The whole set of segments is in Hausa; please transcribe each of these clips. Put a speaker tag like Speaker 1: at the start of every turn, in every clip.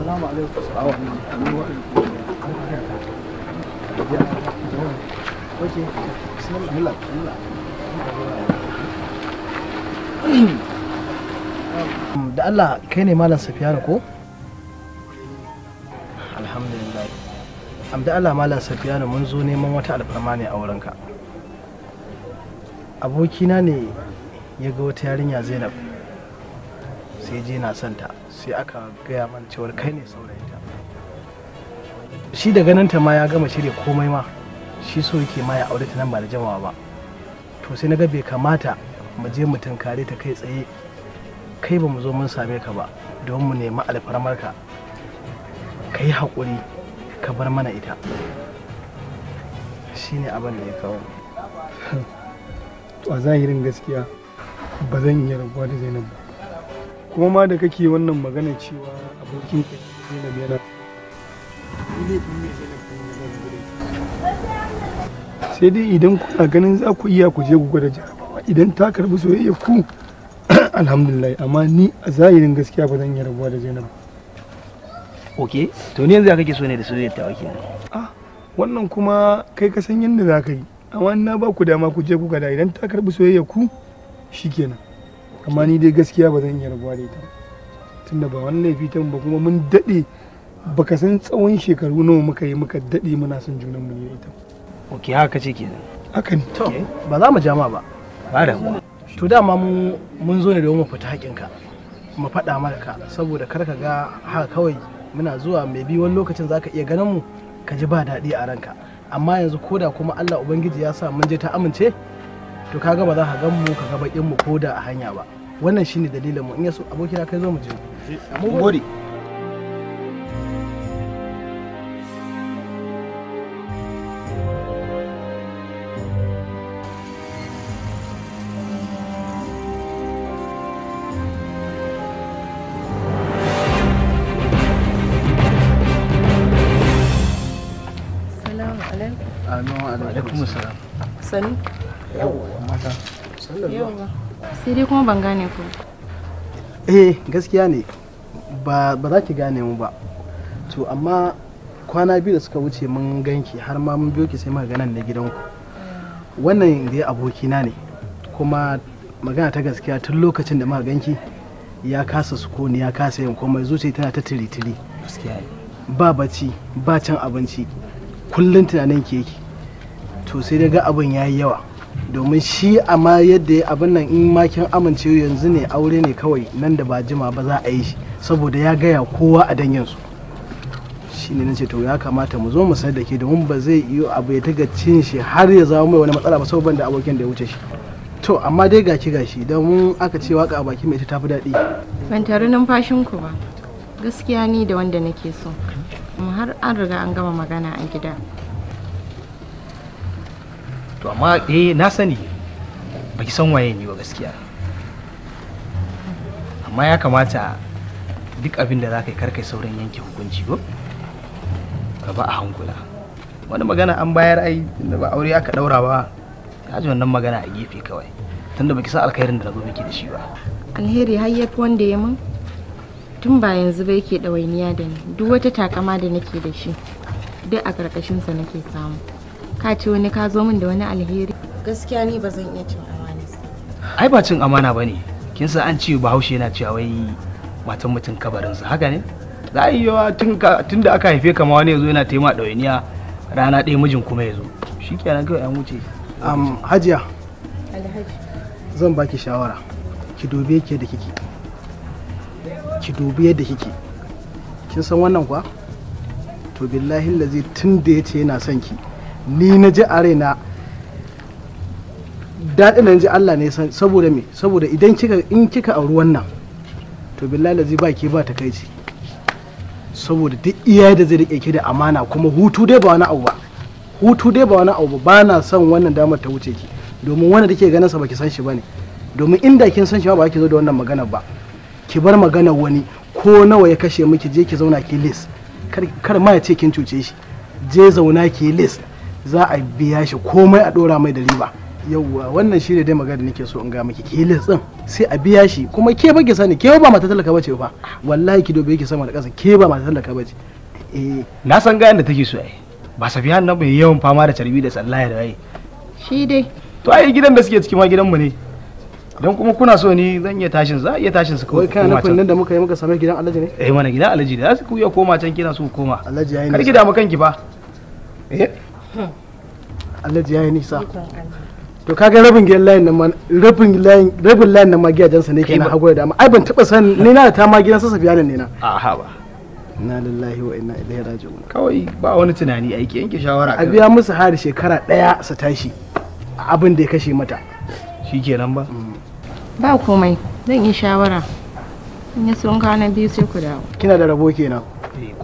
Speaker 1: assalamu alaikum assalamu alaikum da Allah kai ne malam safiyanu ko alhamdulillah am Allah malam safiyanu mun zo neman wata alfarma ne a wurinka abokina ne ya ga wata yarinya zainab sai je na son ta sai aka gaya mana cewar kai ne saurayinta shi da ganin ta ma ya gama shirya komai ma shi so yake ma ya aure ta nan ba da jama'a ba to sai na ga bai kamata mu je mu tunkare ta kai tsaye kai ba mu zo mun same ka ba don mu nemi alfarmarka ka yi haƙuri ka bar mana ita shi ne abin da ya kawo a zahirin gaskiya ba zan
Speaker 2: iya rabuwa da zainab ba kuma ma da kake wannan magana cewa abokin ka Zainab yana
Speaker 1: sai dai idan kuna ganin za ku iya ku je ku gwada jarabawa idan ta karbi soyayya ku alhamdulillah amma ni a zahirin gaskiya ba zan yi rabuwa da Zainab ok to ni yanzu ya kake so ne da soyayya ta wakil ah wannan kuma kai ka san yadda za ka yi amma na ba ku dama ku je ku gada idan ta karbi soyayya ku shikenan amma ni dai gaskiya ba zan iya rabuwa da ita tunda ba wani laifi ta ba kuma mun daɗe baka san tsawon shekaru nawa muka yi muka daɗe muna son junan mu da ita ok haka ce ke haka ne to ba za mu ma ba ba da to dama ma mun zo ne don mu fita ka mu faɗa maka saboda kar ka ga haka kawai muna zuwa mai bi wani lokacin zaka iya ganin mu ka ji ba daɗi a ranka amma yanzu koda kuma Allah ubangiji ya sa mun je ta amince to kaga ba za ka gan mu ka ga bakin mu ko da a hanya ba wannan shine dalilin mu in yaso abokina kai zo mu je
Speaker 2: mu gode
Speaker 3: sai kuma ban gane ku
Speaker 1: eh gaskiya ne ba za ki gane mu ba to amma kwana biyu da suka wuce mun ganki har ma mun biyo ki sai muka ganan da gidanku wannan dai abokina ne kuma magana ta gaskiya tun lokacin da muka ganki ya kasa sukuni ya kasa yin komai zuciya tana ta tiritiri ba bacci ba can abinci kullum tunanin keke to sai daga abin ya yi yawa domin shi amma yadda ya abin nan in makin amince yanzu ne aure ne kawai nan da ba jima ba za a yi shi saboda ya gaya kowa a danginsu shi ne nace to ya kamata mu zo mu sai da ke domin ba zai iya abu ya taga cin shi har ya zama mai wani matsala ba saboda da abokin da ya wuce shi to amma dai gashi gashi domin aka ce waka a baki mai ta tafi daɗi
Speaker 3: ban tare numfashin ku ba gaskiya ni da wanda nake so har an riga an gama magana a gida
Speaker 1: to amma eh na sani ba san waye ni ba gaskiya amma ya kamata duk abin da za ka yi karkai sauran yanke hukunci ba, ka ba a hankula wani magana an bayar ai tunda ba aure aka daura ba ka ji wannan magana a gefe kawai tunda baki san alkhairin da zo miki da shi ba
Speaker 3: alheri har yafi wanda ya mun tun ba yanzu ba yake dawainiya da ni duk wata takama da nake da shi duk a ƙarƙashinsa nake samu ka ce wani ka zo min da wani alheri gaskiya ni ba zan iya cin amana
Speaker 1: ai ba cin amana bane kin san an ce bahaushe yana cewa wai matan mutum kabarinsa haka ne za a yi yawa tun da aka haife kama wani yazo yana taima ɗawainiya rana ɗaya mijin kuma yazo shi kenan kawai an wuce hajiya zan baki shawara ki dubi yake da kike ki dubi yadda kike kin san wannan kuwa to billahi lazi tun da ya ce yana son ki ni na ji a raina daɗin ji Allah ne saboda me saboda idan kika in kika auri wannan to billahi baki ba ke ba takaici saboda duk iya da zai rike ki da amana kuma hutu dai ba wani abu ba hutu dai ba wani abu ba na son wannan damar ta wuce ki domin wanda take ganin sa baki san shi bane domin inda kin san shi ba ki zo da wannan magana ba ki bar maganar wani ko nawa ya kashe miki je ki zauna ki lis kar ma ya ce kin cuce shi je zauna ki lis za a biya shi komai a dora mai da riba yauwa wannan shi ne dai magana nake so in ga miki ke litsin sai a biya shi kuma ke ba ki sani ke ba mata talaka bace fa wallahi ki dobe yake sama da ƙasa ke ba mata talaka bace eh na san ga yanda take so ai ba safiyan nan bai yawan fama da carbi da sallaya da waye shi dai to ai gidan da suke ciki ma gidan mu ne don kuma kuna so ni zan iya tashin za iya tashin su kawai kana nufin nan da muka yi muka same gidan alaji ne eh mana gidan alaji da za su iya koma can kina so koma alaji yayin kar ki damu kanki ba eh alhaji ya yi nisa to kaga rabin gidan layin nan rabin layin rabin layin nan ma gidajen ne kenan hago da dama ai ban taba san ni na ta ma gidan sa nan ne na a ha ba inna lillahi wa inna ilaihi raji'un kawai ba wani tunani aiki yanke shawara a biya musu hari shekara daya su tashi abin da ya kashe mata shikenan ba mm.
Speaker 3: ba komai zan yi shawara in yi sun kana biyu sai ku dawo kina da
Speaker 1: rabo kenan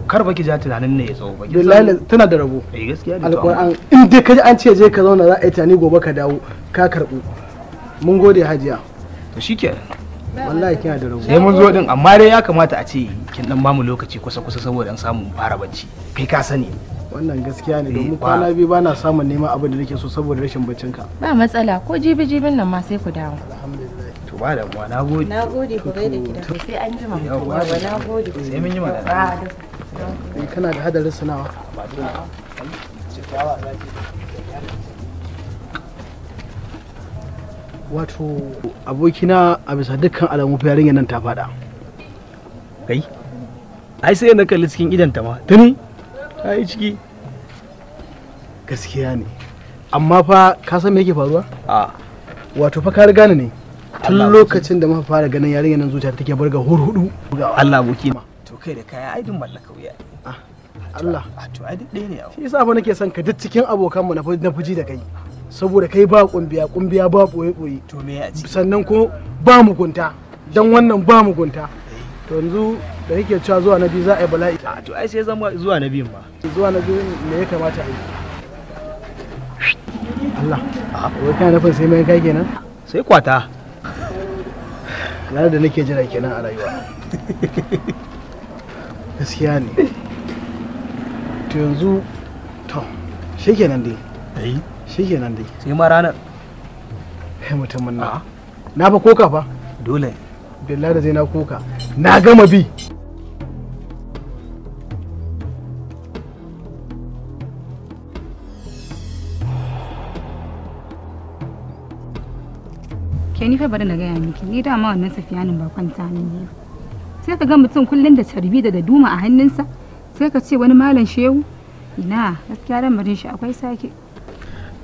Speaker 1: kar baki ja tunanin ne ya tsawo baki billahi tana da rabo eh gaskiya ne alquran in dai kaji an ce je ka zauna za a yi tani gobe ka dawo ka karbu mun gode hajiya to shike wallahi kina da rabo sai mun zo din amma dai ya kamata a ce kin dan bamu lokaci kusa kusa saboda an samu fara bacci kai ka sani wannan gaskiya ne domin eh, kwana biyu bana samun neman abin da nake so saboda rashin baccin ka
Speaker 3: ba matsala ko jibi jibin nan ma sai ku dawo
Speaker 1: to ba da mu na gode na
Speaker 3: gode ku gaida gida sai an jima mu na gode sai mun yi magana
Speaker 1: Eh, kana da hadarin sanawa wato abokina a bisa dukkan alamu yarinyar nan ta fada kai ai sai na kalli cikin idanta ma tuni ta yi ciki gaskiya ne amma fa ka san me yake faruwa a wato fa ka riga ne tun lokacin da muka fara ganin yarinya nan zuciya take burga hurhudu Allah abokina to kai da kaya aidin mallaka wuya ah, Allah to ah, aidin duk ɗaya ne shi yasa fa nake son ka duk cikin abokan mu na fuji da kai saboda kai ba kumbiya kumbiya ba boye boye to me ya ci sannan ko ba mu gunta dan wannan ba mu gunta to yanzu da yake cewa zuwa na biyu za a yi bala'i a ah, to ai sai zama zuwa na biyun ba zuwa na biyun me ya kamata a yi Allah a wai kana nufin sai mai kai kenan sai kwata ranar da nake jira kenan a rayuwa gaskiya ne to yanzu to shi kenan dai eh shi dai sai ma ranar mutum mun na na ba koka fa dole billahi da zai na koka na gama bi
Speaker 3: ke ni bari na gaya miki ni dama wannan safiyanin ba kwanta ne sai ka ga mutum kullum da tarbi da duma a hannunsa sai ka ce wani malam shehu ina gaskiya lamarin shi akwai sake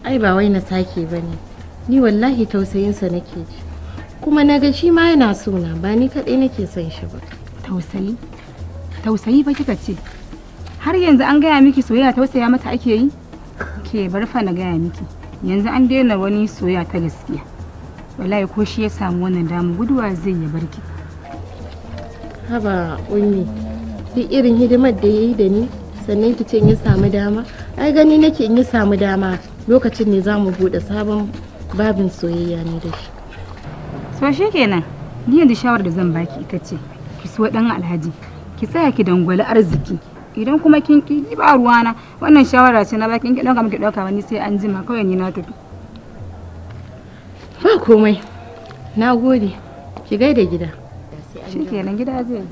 Speaker 3: ai ba wai na sake ba ne ni wallahi tausayinsa nake ji kuma na ga shi ma yana so ba ni kaɗai nake son shi ba tausayi tausayi ba kika ce har yanzu an gaya miki soyayya tausaya mata ake yi ke bar fa na gaya miki yanzu an daina wani soyayya ta gaskiya wallahi ko shi ya samu wannan damu guduwa zai ya barki haba ummi duk irin hidimar da ya yi da ni sannan ki ce in ya samu dama ai gani nake in ya samu dama lokacin ne za mu buɗe sabon babin soyayya ne da shi so shi kenan ni yanzu shawarar da zan baki ita ce ki so dan alhaji ki tsaya ki dangwali arziki idan kuma kin ki ba ruwana wannan shawara ce na baki ki dauka miki dauka wani sai an jima kawai ni na tafi ba komai na gode ki
Speaker 2: gaida gida shikenan gida zai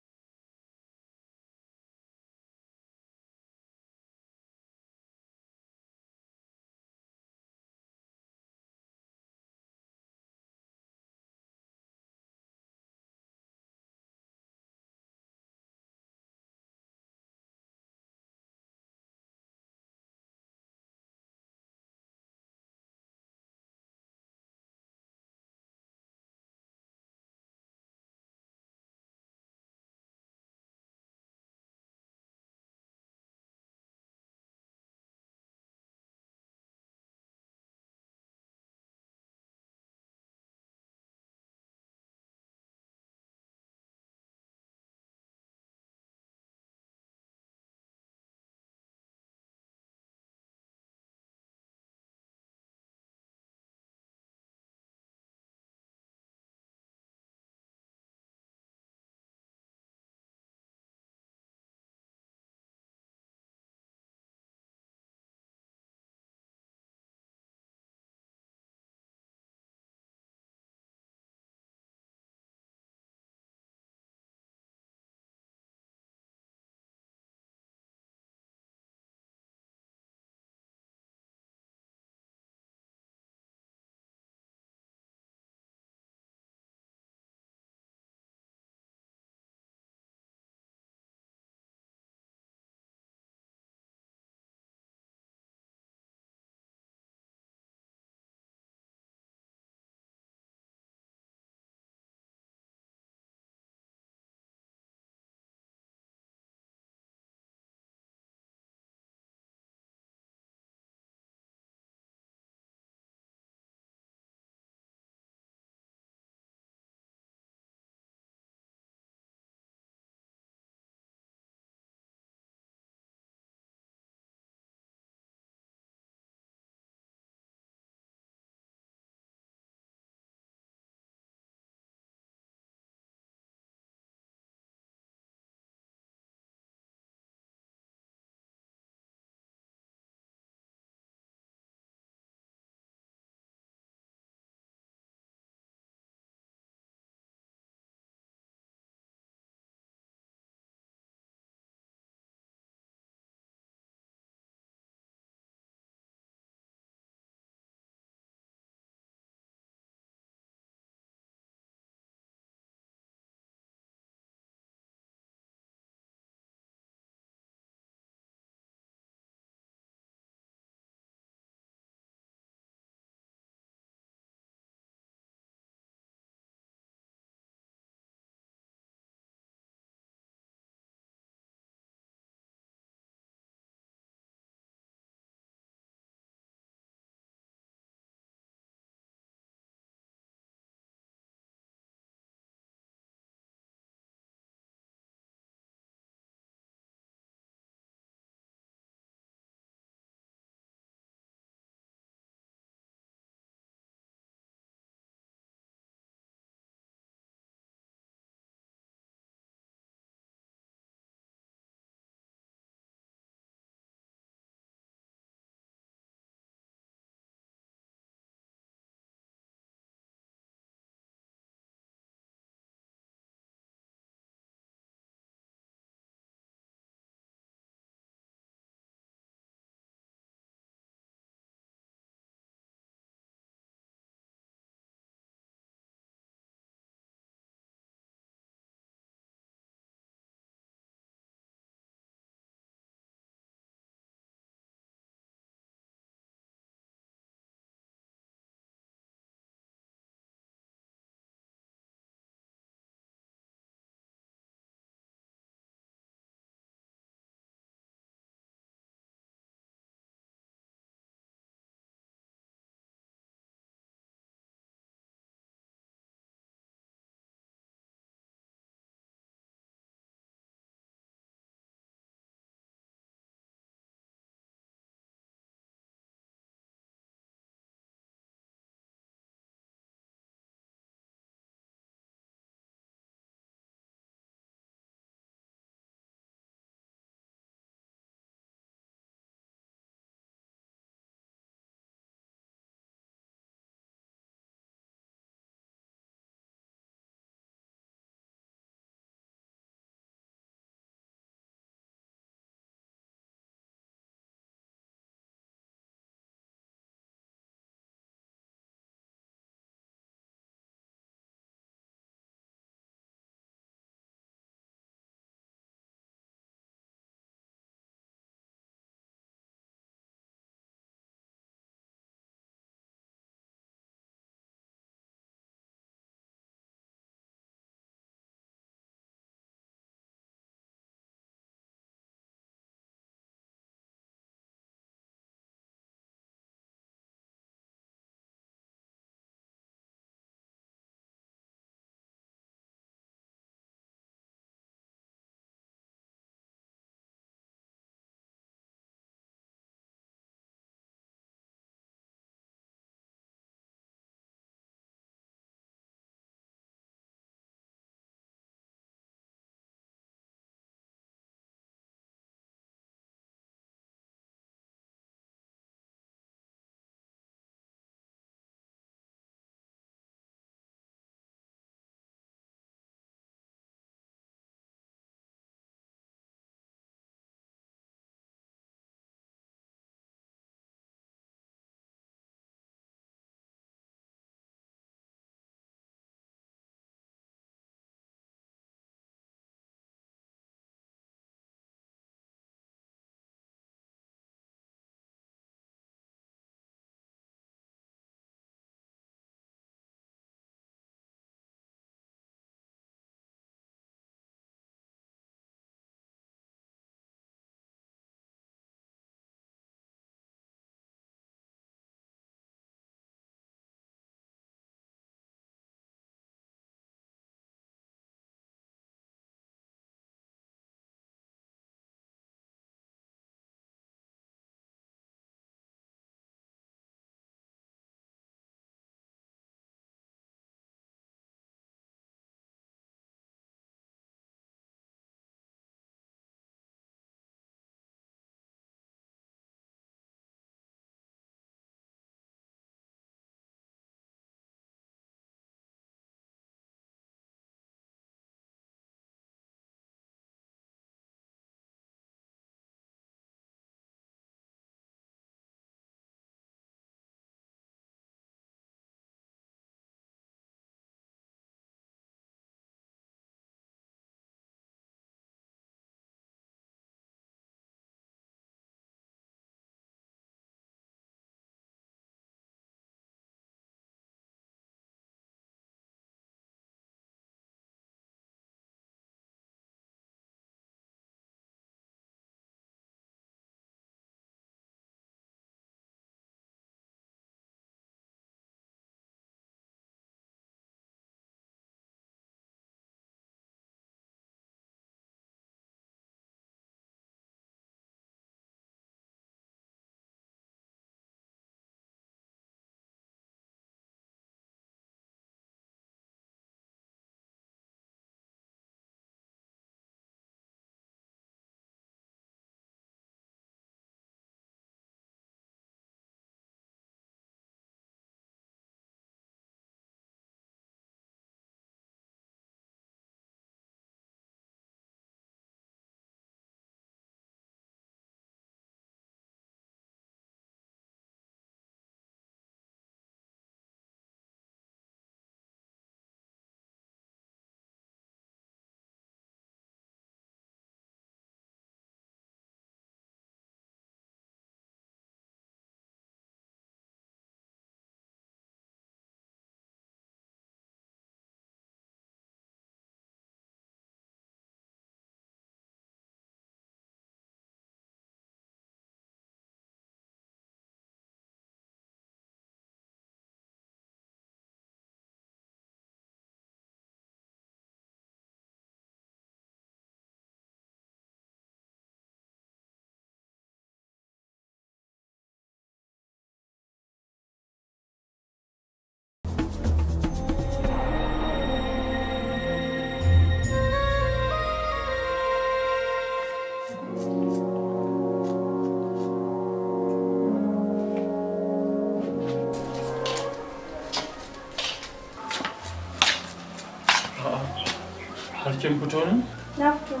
Speaker 2: fito ne?
Speaker 3: Na fito.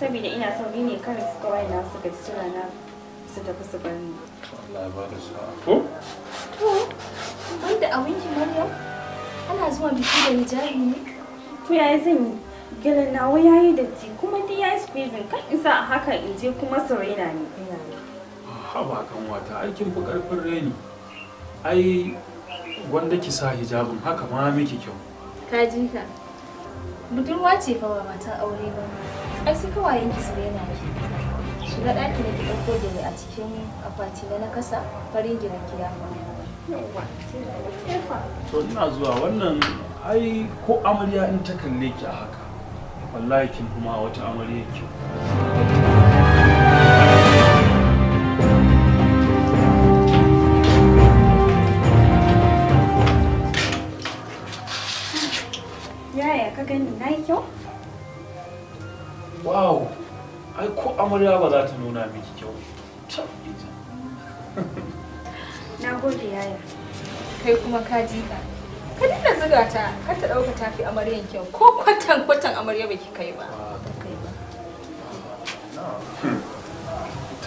Speaker 3: Saboda ina sauri ne kare su kawai na su gaji suna na su tafi su bar ni.
Speaker 2: Allah ya da sa. Ko?
Speaker 3: To, ban da wanki Maryam, ana zuwa biki da hijabi ne? To yaya zan yi? Galan ya yayi datti kuma dai yayi spacing kan isa a haka in je kuma su raina ni.
Speaker 2: Haba kan wata aikin fi karfin reni. Ai gwanda ki sa hijabin haka ma miki kyau.
Speaker 3: Ka ji ka. budurwa ce fa ba matan aure ba ai sai kawai ki su yana ki shiga ɗaki da ki ɗauko gele a cikin akwati na nakasa farin gidan ki ya
Speaker 2: to ina zuwa wannan ai ko amarya in ta kalle ki a haka wallahi kin kuma wata amarya ki
Speaker 3: ka gani na yi kyau?
Speaker 2: Wow! Ai ko amarya ba za ta nuna miki kyau.
Speaker 3: Na gode yaya. Kai kuma ka ji ka. Ka dinga ziga ta, ka ta ɗauka ta fi amaryan kyau. Ko kwatan kwatan amarya ba ki kai ba.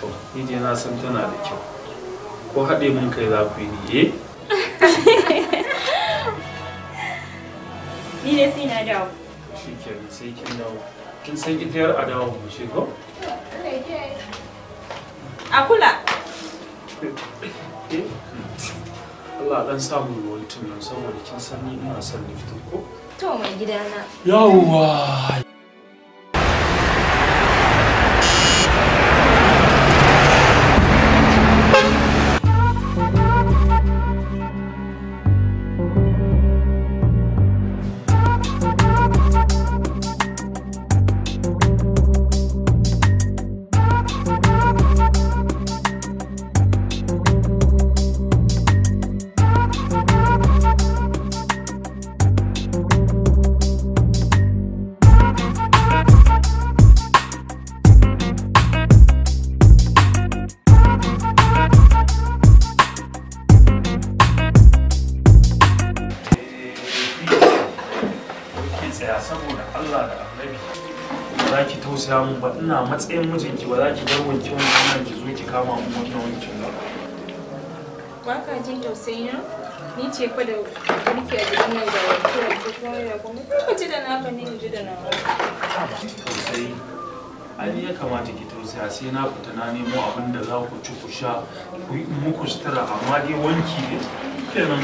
Speaker 2: To, ni je na san tana da kyau. Ko haɗe mun kai za ku yi ni, eh? ni dai sai na dawo shi ke sai kin dawo kin san ita yar adawa mu ko a kula eh? Allah dan samu wani tunan saboda kin san ni ina son ni fito ko to mai gidana yawwa
Speaker 3: ce fa da girki a gidan nan da kiran ko kuma ya kuma ko ji da naka ne ji da nawa
Speaker 2: sai ai ya kamata ki tausaya sai na fita na nemo abin da za ku ci ku sha ku yi muku sutura amma dai wanki ne kenan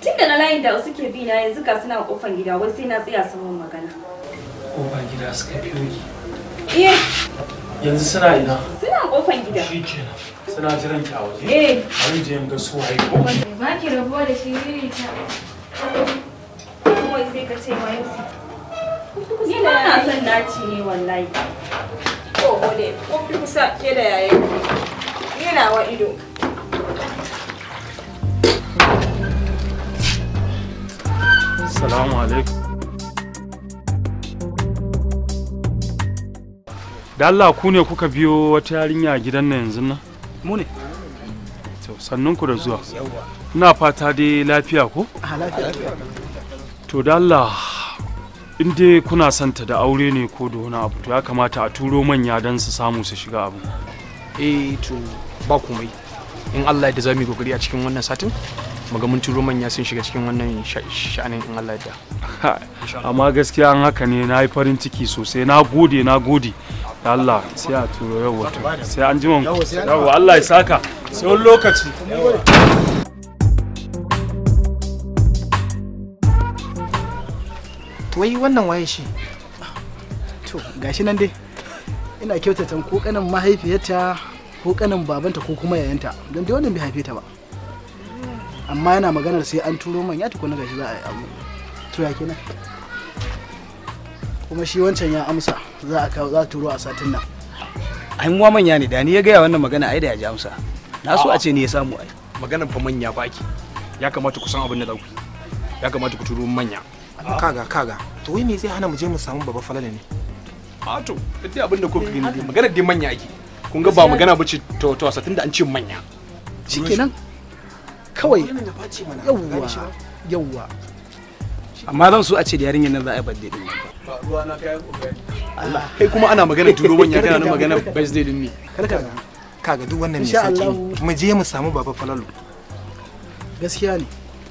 Speaker 3: tun da na layin da suke bi na yanzu ka suna kofar gida wai sai na tsaya su mun magana
Speaker 4: kofar gida suka fi yi. eh
Speaker 2: yanzu suna ina suna kofar gida shikenan suna jiran ki a waje eh bari je in ga su waye ko ba ki rabuwa da
Speaker 3: shi ne eh, ta kawai sai ka ce wayo ni ba na son ci ne wallahi ko gode ko kusa ke da yayin na wa ido
Speaker 2: Assalamu alaikum. Da Allah ku ne kuka biyo wata yarinya gidan nan yanzu nan? Mu ne. To sannun ku da zuwa. Ina fata dai lafiya ko? Ah, to da Allah in dai kuna son ta da aure ne ko da wani abu to ya kamata a turo manya dan su samu su shiga abu. Eh to ba komai. in Allah da za mu yi kokari a cikin wannan satin muga mun turo manya sun shiga cikin wannan sha'anin in Allah da amma gaskiya an haka ne na yi farin ciki sosai na gode na gode da Allah sai a turo yau wato sai an ji mun yawa Allah ya saka sai wani lokaci
Speaker 1: wai wannan waye shi to gashi nan dai ina kyautata kokanin mahaifiyarta ko kanin babanta ko kuma yayanta don dai wannan bai haife ta ba amma yana maganar sai an turo manya tukuna gashi za a yi abu to ya kenan kuma shi wancan ya amsa za a kawo za a turo a satin nan ai muwa manya ne da ni ya gaya wannan magana ai da ya ji amsa na so a ce ne ya samu ai maganar fa manya ba ki ya kamata ku san abin da za ku ya kamata ku turo
Speaker 4: manya kaga kaga to wai me zai hana mu je mu samu baba falala ne a to duk abin da kuka gani maganar dai manya ake kun ga ba magana bace ta wata wasa tunda an ce manya shikenan
Speaker 1: kawai yawwa yawwa amma zan so a ce da yarinyar nan za a yi birthday din
Speaker 4: Allah kai kuma ana magana turo manya kana nan magana birthday
Speaker 1: din ne kada kaga duk wannan ne saki mu je mu samu baba falalu gaskiya ne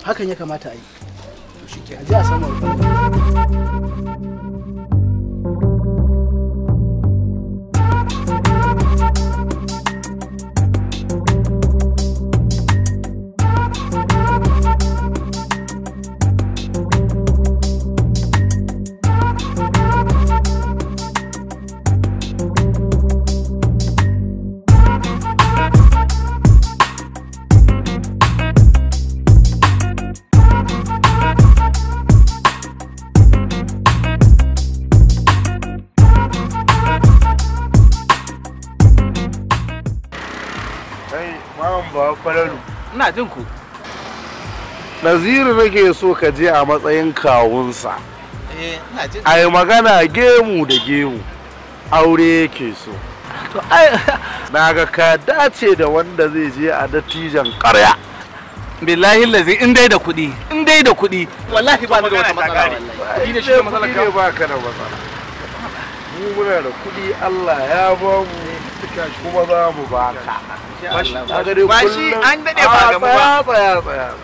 Speaker 1: hakan ya kamata a yi to shikenan a je a samu ina jin ku
Speaker 2: naziru nake so ka je a matsayin kawunsa
Speaker 1: eh, a yi
Speaker 2: magana gemu da gemu aure yake so na ga ka dace da wanda zai je a
Speaker 1: dattijan karya billahi lazi in dai da kuɗi in dai da kuɗi wallahi ba da wata matsala wallahi ne shi da matsala ba ka da matsala
Speaker 4: mu muna da kuɗi Allah ya ba mu kuma za mu baka
Speaker 1: ba shi an daɗe ba ah, ba tsaya tsaya
Speaker 4: tsaya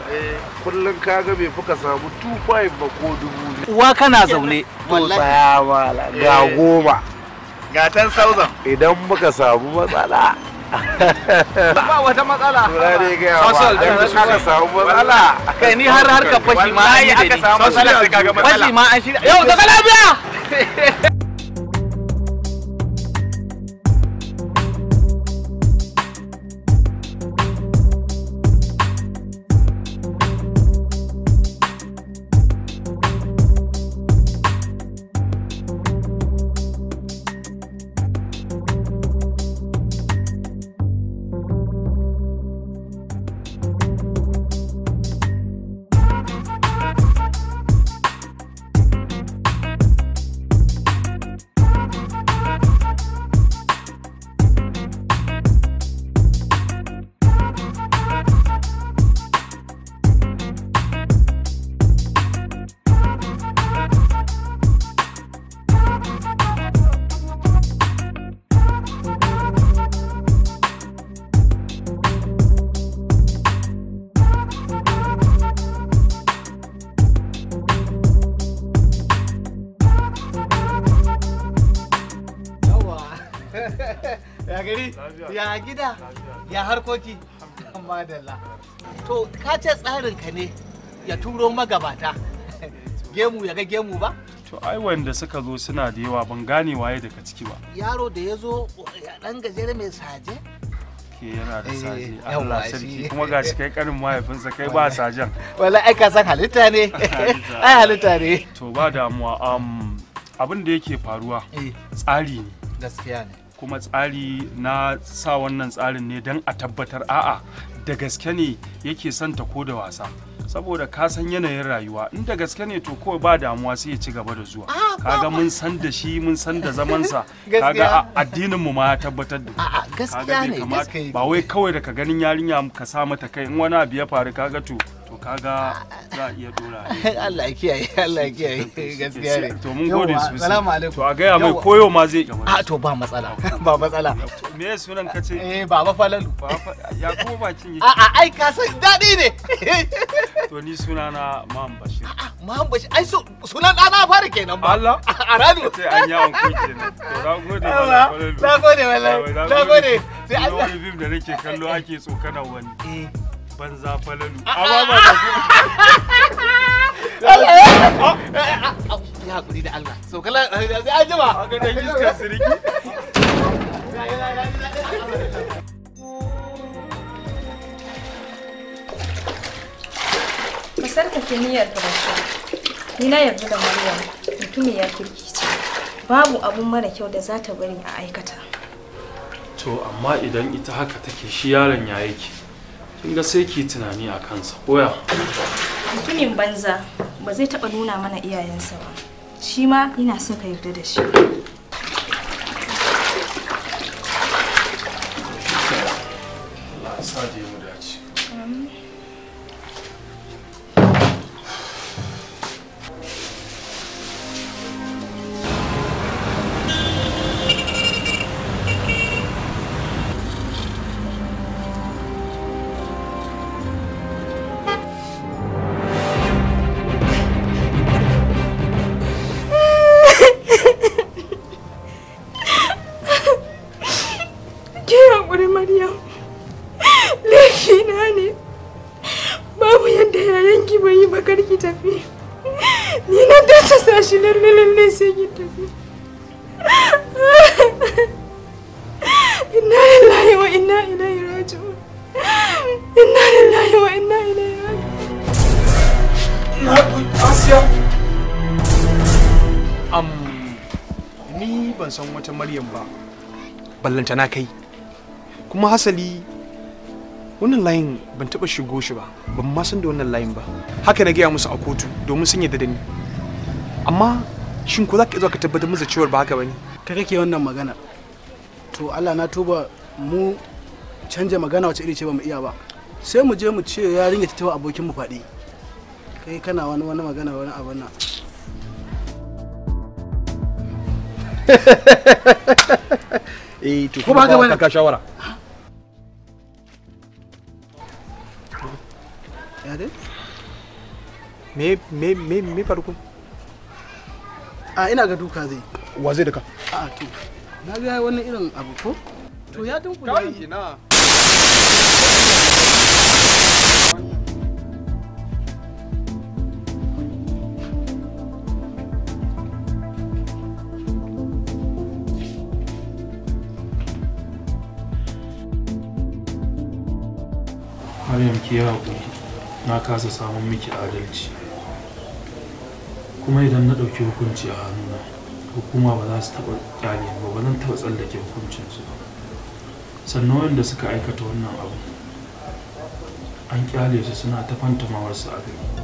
Speaker 4: kullum ka ga bai fuka samu 2.5
Speaker 2: ba ko dubu
Speaker 1: uwa kana zaune to tsaya
Speaker 4: ga eh. goma ga idan muka samu matsala ba
Speaker 1: wata matsala
Speaker 4: samu matsala kai ni har fashi ma an yi da ni fashi
Speaker 1: ma an shirya yau lafiya ya gida ya harkoki madalla to ka ce tsarinka ne ya turo magabata
Speaker 2: gemu ya ga gemu ba to ai wanda suka zo suna da yawa ban gane waye daga ciki ba
Speaker 1: yaro da ya zo ya dan gajere mai saje
Speaker 2: ke yana da saje eh, Allah sarki kuma ga shi kai karin mahaifinsa kai ba sajen wala ai ka san halitta
Speaker 1: ne ai
Speaker 2: halitta ne to ba damuwa um abin da yake faruwa eh. tsari ne
Speaker 4: gaskiya ne
Speaker 2: kuma tsari na sa wannan tsarin ne don a tabbatar a'a da gaske ne yake son ta ko da wasa saboda ka san yanayin rayuwa in da gaske ne to kawai ba damuwa sai ya ci gaba da zuwa ah, kaga mun san da shi mun san da zamansa kaga addinin mu ma ya tabbatar da
Speaker 1: gaskiya ne
Speaker 2: ba wai kawai da ka ganin yarinya ka sa mata kai in wani abu ya faru kaga to kaga za a iya dora Allah kiyaye Allah kiyaye gaskiya ne to mun gode su assalamu alaikum to a gaya mai koyo ma zai a
Speaker 1: ah, to ba matsala ba matsala
Speaker 2: me sunan ka ce eh baba falalu ya kuma bakin yake a a ai ka san dadi ne to ni sunana mam bashir mam
Speaker 1: bashir ai so sunan dana fara kenan ba
Speaker 2: Allah a radio sai an yawon kai kenan to na gode wallahi na gode wallahi na gode sai Allah ne da nake kallo ake tsokanar wani eh banza falalu amma ah, ah, ba
Speaker 1: da
Speaker 4: ku ya hakuri da Allah so kala sai eh, eh, eh, an jima ga dan iska siriki ka ke niyyar ka bashi.
Speaker 3: Ni na yarda da Maryam ya kirki ce. Babu abun mara kyau da za ta bari a aikata.
Speaker 2: To amma idan ita haka take shi yaron ya yake. kin ga sai ki tunani a kansa koya
Speaker 3: mutumin banza ba zai taɓa nuna mana iyayensa ba shi ma ina so ka yarda da shi Allah
Speaker 2: san wata maryam
Speaker 4: ba ballantana kai kuma hasali wannan layin ban taba shigo shi ba ban ma san da wannan layin ba haka na gaya musu a kotu domin sun yadda
Speaker 1: da ni amma shin ko za ka zo ka tabbatar musu cewar ba haka bane ka kake wannan magana to Allah na tuba mu canja magana wace iri ce ba mu iya ba sai mu je mu ce yarinya ta tawa abokin mu faɗi kai kana wani wani magana wani abin nan eh to kuma haka bane ka shawara yare me me me me farko a ina ga duka zai wa zai daka a to na ga wani irin abu ko to ya dunkula kai ina
Speaker 2: maryam ki ya na kasa samun miki adalci kuma idan na ɗauki hukunci a hannuna hukuma ba za su taɓa ƙyale ba ba zan taɓa tsallake hukuncinsu ba sannan wanda suka aikata wannan abu an ƙyale su suna ta fantamawarsu a gari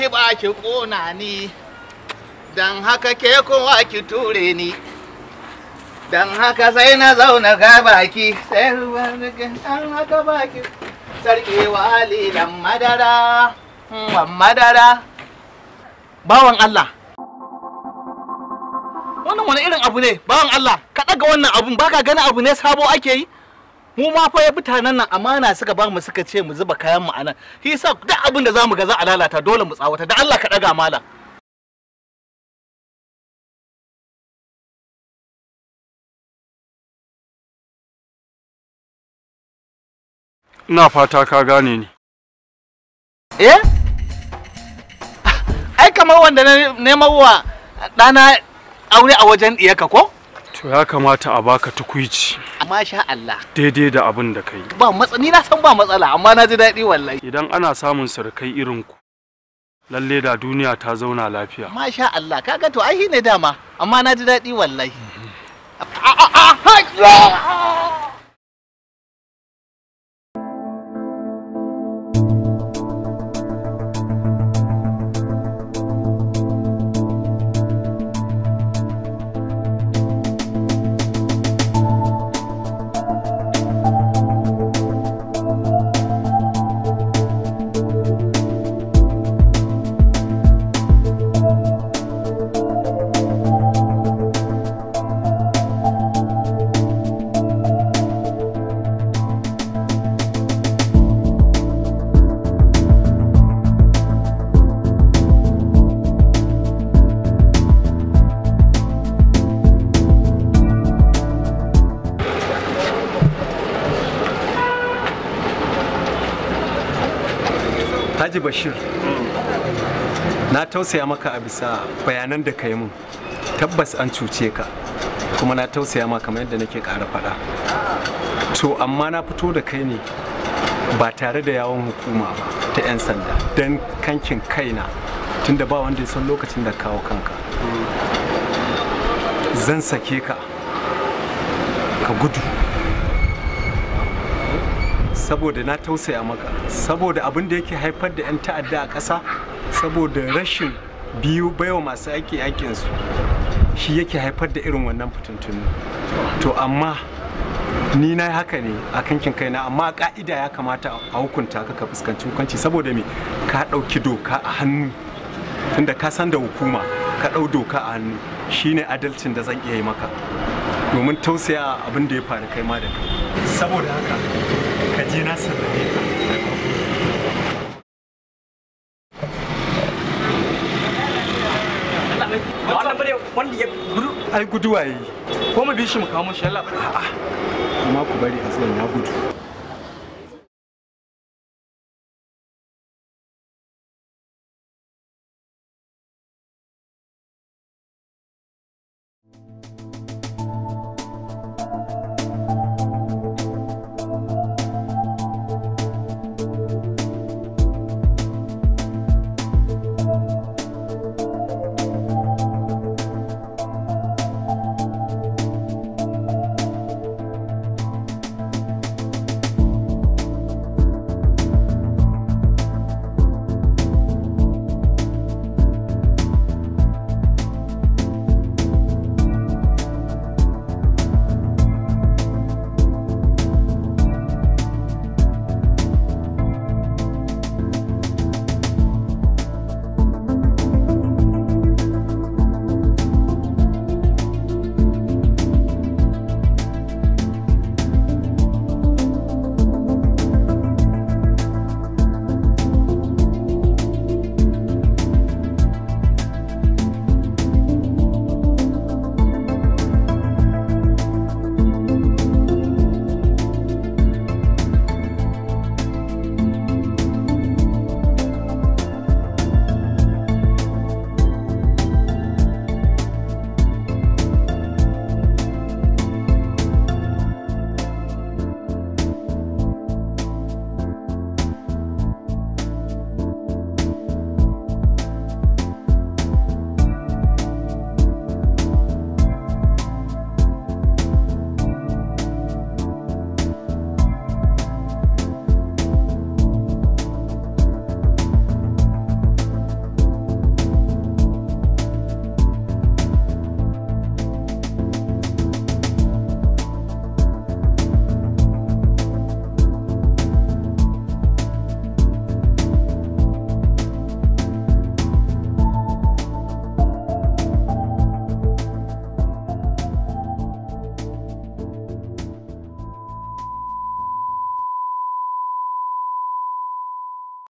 Speaker 1: wallahi ba ki kona ni dan haka ke kowa ki ture ni dan haka sai na zauna ga baki sai ruwan don haka baki sarki wali dan madara wan madara bawan Allah wannan wani irin abu ne bawan Allah ka ɗaga wannan abun baka gani abu ne sabo ake yi mu ma fa ya mutanen nan amana suka ba mu suka ce mu zuba kayan mu
Speaker 2: anan shi yasa duk abin da zamu ga za a lalata dole mu tsawata da Allah ka daga mala ina fata ka gane ni eh ai kamar wanda na nemawa
Speaker 1: wa ɗana aure a wajen iyaka ko
Speaker 2: to ya kamata a baka tukuici
Speaker 1: masha Allah
Speaker 2: daidai da abin da kai
Speaker 1: ba matsani na san ba matsala
Speaker 2: amma na ji daɗi wallahi idan ana samun surukai irin ku lalle da duniya ta zauna lafiya masha
Speaker 1: Allah kaga to ai ne dama amma na ji daɗi wallahi mhm.
Speaker 4: alhaji bashir na tausaya maka a bisa bayanan da ka yi mun tabbas an cuce ka kuma na tausaya maka kamar yadda nake ƙara faɗa to amma na fito da kai ne ba tare da yawon hukuma ba ta 'yan sanda don kankin kai na tunda ba wanda ya san lokacin da kawo kanka zan sake ka ka gudu saboda na tausaya maka saboda abin da yake haifar da 'yan ta'adda a ƙasa saboda rashin biyu baiwa masu aiki aikinsu shi yake haifar da irin wannan fitintunu to amma ni na yi haka ne a kankin kaina amma ka'ida ya kamata a hukunta ka ka fuskanci hukunci saboda me ka ɗauki doka a hannu tunda ka san da hukuma ka ɗau doka a hannu shine adalcin da zan iya yi maka domin tausaya abin da ya faru kai ma da kai saboda haka je na sallame ka wannan bare wanda ya gudu ai guduwa yi ko mu bi shi mu kamo a'a ku bari